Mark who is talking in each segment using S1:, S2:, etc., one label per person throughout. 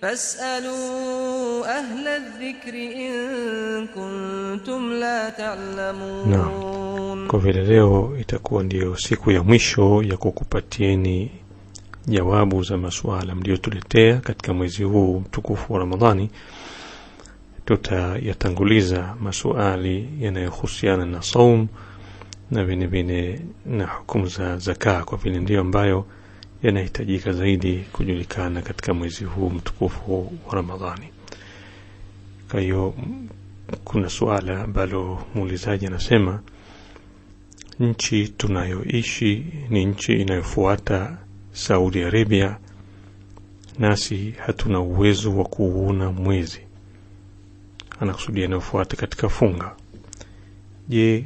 S1: Fasalu ahla dhikri in kuntum la ta'lamun. Kwa vile leo itakuwa ndiyo siku ya mwisho ya kukupatieni jawabu za masuala mliyotuletea katika mwezi huu mtukufu wa Ramadhani, tutayatanguliza masuali yanayohusiana na saum na vinevine na hukumu za zakaa, kwa vile ndiyo ambayo yanahitajika zaidi kujulikana katika mwezi huu mtukufu wa Ramadhani. Kwa hiyo kuna suala ambalo muulizaji anasema, nchi tunayoishi ni nchi inayofuata Saudi Arabia, nasi hatuna uwezo wa kuuona mwezi. Anakusudia inayofuata katika funga. Je,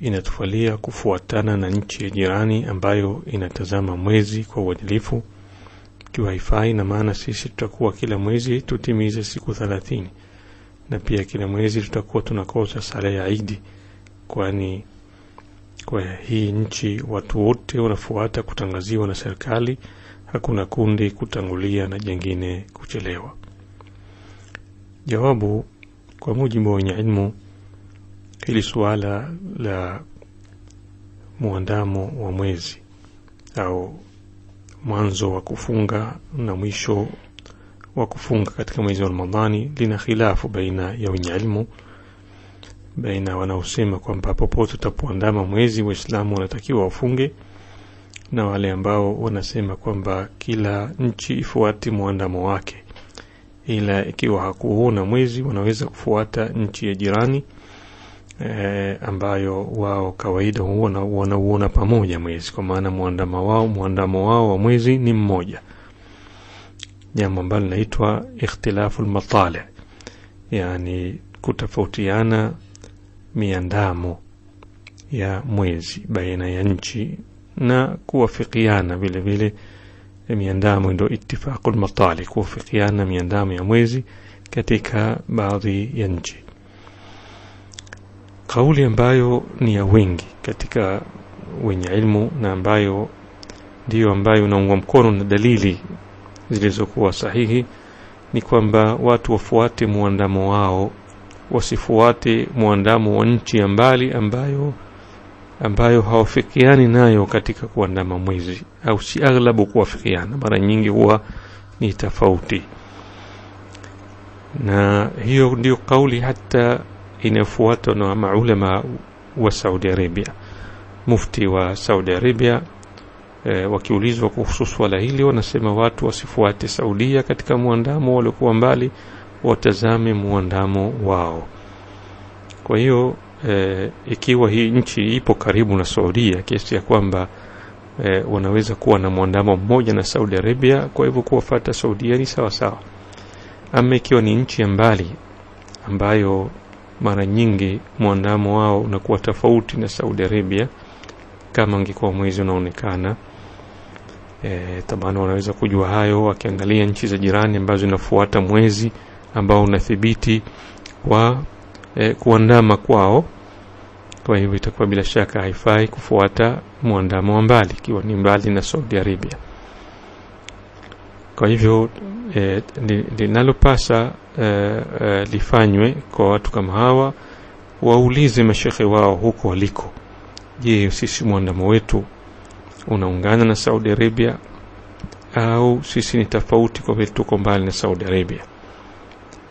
S1: inatufalia kufuatana na nchi ya jirani ambayo inatazama mwezi kwa uadilifu kiwaifai haifai na maana sisi tutakuwa kila mwezi tutimize siku thalathini na pia kila mwezi tutakuwa tunakosa sala ya Idi, kwani kwa hii nchi watu wote wanafuata kutangaziwa na serikali. Hakuna kundi kutangulia na jengine kuchelewa. Jawabu, kwa mujibu wa wenye ilmu Hili suala la muandamo wa mwezi au mwanzo wa kufunga na mwisho wa kufunga katika mwezi wa Ramadhani lina khilafu baina ya wenye baina wanaosema kwamba popote utapoandama mwezi Waislamu wanatakiwa wafunge, na wale ambao wanasema kwamba kila nchi ifuati mwandamo wake, ila ikiwa hakuona mwezi wanaweza kufuata nchi ya jirani e, ambayo wao kawaida huona wanauona pamoja mwezi, kwa maana mwandamo wao mwandamo wao wa mwezi ni mmoja, jambo ambalo linaitwa ikhtilafu lmatali, yani kutofautiana miandamo ya mwezi baina ya nchi na kuwafikiana vile vile miandamo, ndio itifaqu matali, kuwafikiana miandamo ya mwezi katika baadhi ya nchi kauli ambayo ni ya wengi katika wenye ilmu na ambayo ndiyo ambayo inaungwa mkono na dalili zilizokuwa sahihi ni kwamba watu wafuate muandamo wao wasifuate muandamo wa nchi ya mbali ambayo ambayo hawafikiani nayo katika kuandama mwezi au si aghlabu kuwafikiana mara nyingi huwa ni tofauti na hiyo ndio kauli hata inayofuatwa na maulama wa Saudi Arabia. Mufti wa Saudi Arabia e, wakiulizwa kuhusu swala hili wanasema watu wasifuate Saudia katika muandamo waliokuwa mbali, watazame muandamo wao. Kwa hiyo e, ikiwa hii nchi ipo karibu na Saudia kiasi ya kwamba e, wanaweza kuwa na muandamo mmoja na Saudi Arabia, kwa hivyo kuwafuata Saudia ni sawasawa. Ama ikiwa ni nchi ya mbali ambayo mara nyingi mwandamo wao unakuwa tofauti na Saudi Arabia kama ungekuwa mwezi unaonekana. E, tabana wanaweza kujua hayo wakiangalia nchi za jirani ambazo zinafuata mwezi ambao unathibiti wa e, kuandama kwao. Kwa hivyo itakuwa bila shaka haifai kufuata mwandamo wa mbali ikiwa ni mbali na Saudi Arabia. Kwa hivyo eh, linalopasa e, e, lifanywe kwa watu kama hawa, waulize mashehe wao huko waliko, je, sisi mwandamo wetu unaungana na Saudi Arabia au sisi ni tofauti kwa vile tuko mbali na Saudi Arabia?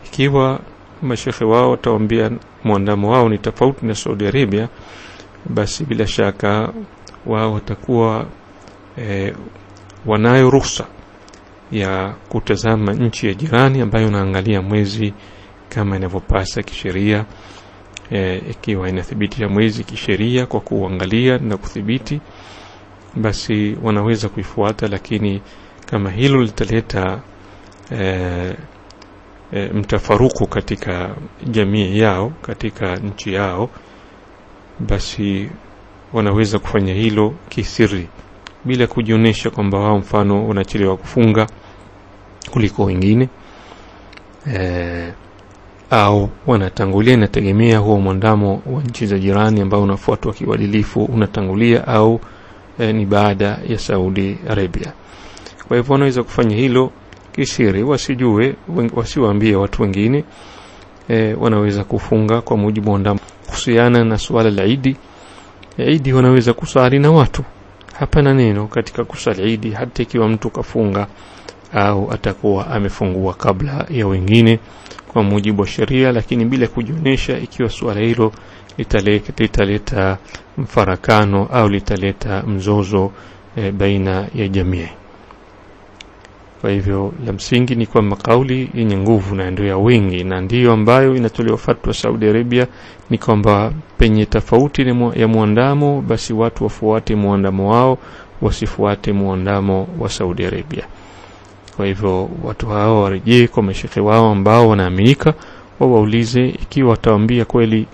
S1: Ikiwa mashekhe wao watawaambia mwandamo wao ni tofauti na Saudi Arabia, basi bila shaka wao watakuwa e, wanayo ruhusa ya kutazama nchi ya jirani ambayo unaangalia mwezi kama inavyopasa kisheria eh, ikiwa e, inathibitisha mwezi kisheria kwa kuangalia na kuthibiti basi wanaweza kuifuata lakini kama hilo litaleta e, e, mtafaruku katika jamii yao katika nchi yao basi wanaweza kufanya hilo kisiri bila kujionyesha kwamba wao mfano wanachelewa kufunga kuliko wengine e, au wanatangulia. Inategemea huo mwandamo wa nchi za jirani ambao unafuatwa kiuadilifu unatangulia au e, ni baada ya Saudi Arabia. Kwa hivyo wanaweza kufanya hilo kisiri, wasijue wasiwaambie watu wengine e, wanaweza kufunga kwa mujibu wa mwandamo. husiana na suala la Idi, Idi wanaweza kusali na watu hapana neno katika kusali Eid hata ikiwa mtu kafunga au atakuwa amefungua kabla ya wengine kwa mujibu wa sheria lakini bila kujionyesha ikiwa suala hilo litaleta mfarakano au litaleta mzozo e, baina ya jamii kwa hivyo la msingi ni kwamba kauli yenye nguvu na ndio ya wingi na ndiyo ambayo inatolewa fatwa Saudi Arabia ni kwamba penye tofauti ya muandamo, basi watu wafuate muandamo wao, wasifuate muandamo wa Saudi Arabia. Kwa hivyo watu hao warejee kwa mashekhe wao ambao wanaaminika, wawaulize ikiwa wataambia kweli,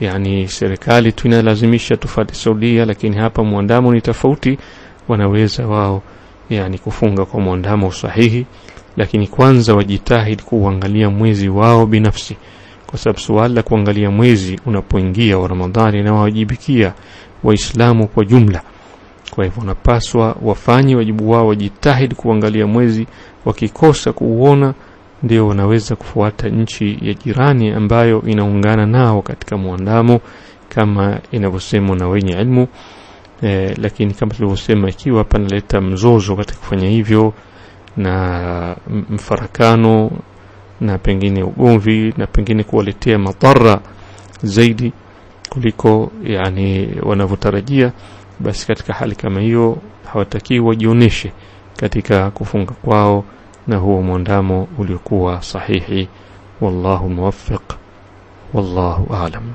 S1: yani serikali tu inalazimisha tufuate Saudia, lakini hapa muandamo ni tofauti, wanaweza wao yani kufunga kwa mwandamo sahihi lakini kwanza wajitahidi kuangalia mwezi wao binafsi kwa sababu suala la kuangalia mwezi unapoingia wa Ramadhani na wajibikia Waislamu kwa jumla. Kwa hivyo unapaswa wafanye wajibu wao, wajitahidi kuangalia mwezi. Wakikosa kuuona, ndio wanaweza kufuata nchi ya jirani ambayo inaungana nao katika mwandamo, kama inavyosemwa na wenye ilmu eh, lakini kama tulivyosema, ikiwa panaleta mzozo katika kufanya hivyo na mfarakano na pengine ugomvi na pengine kuwaletea madhara zaidi kuliko yani wanavyotarajia, basi katika hali kama hiyo hawatakii wajionyeshe katika kufunga kwao na huo mwandamo uliokuwa sahihi. Wallahu muwaffiq, wallahu alam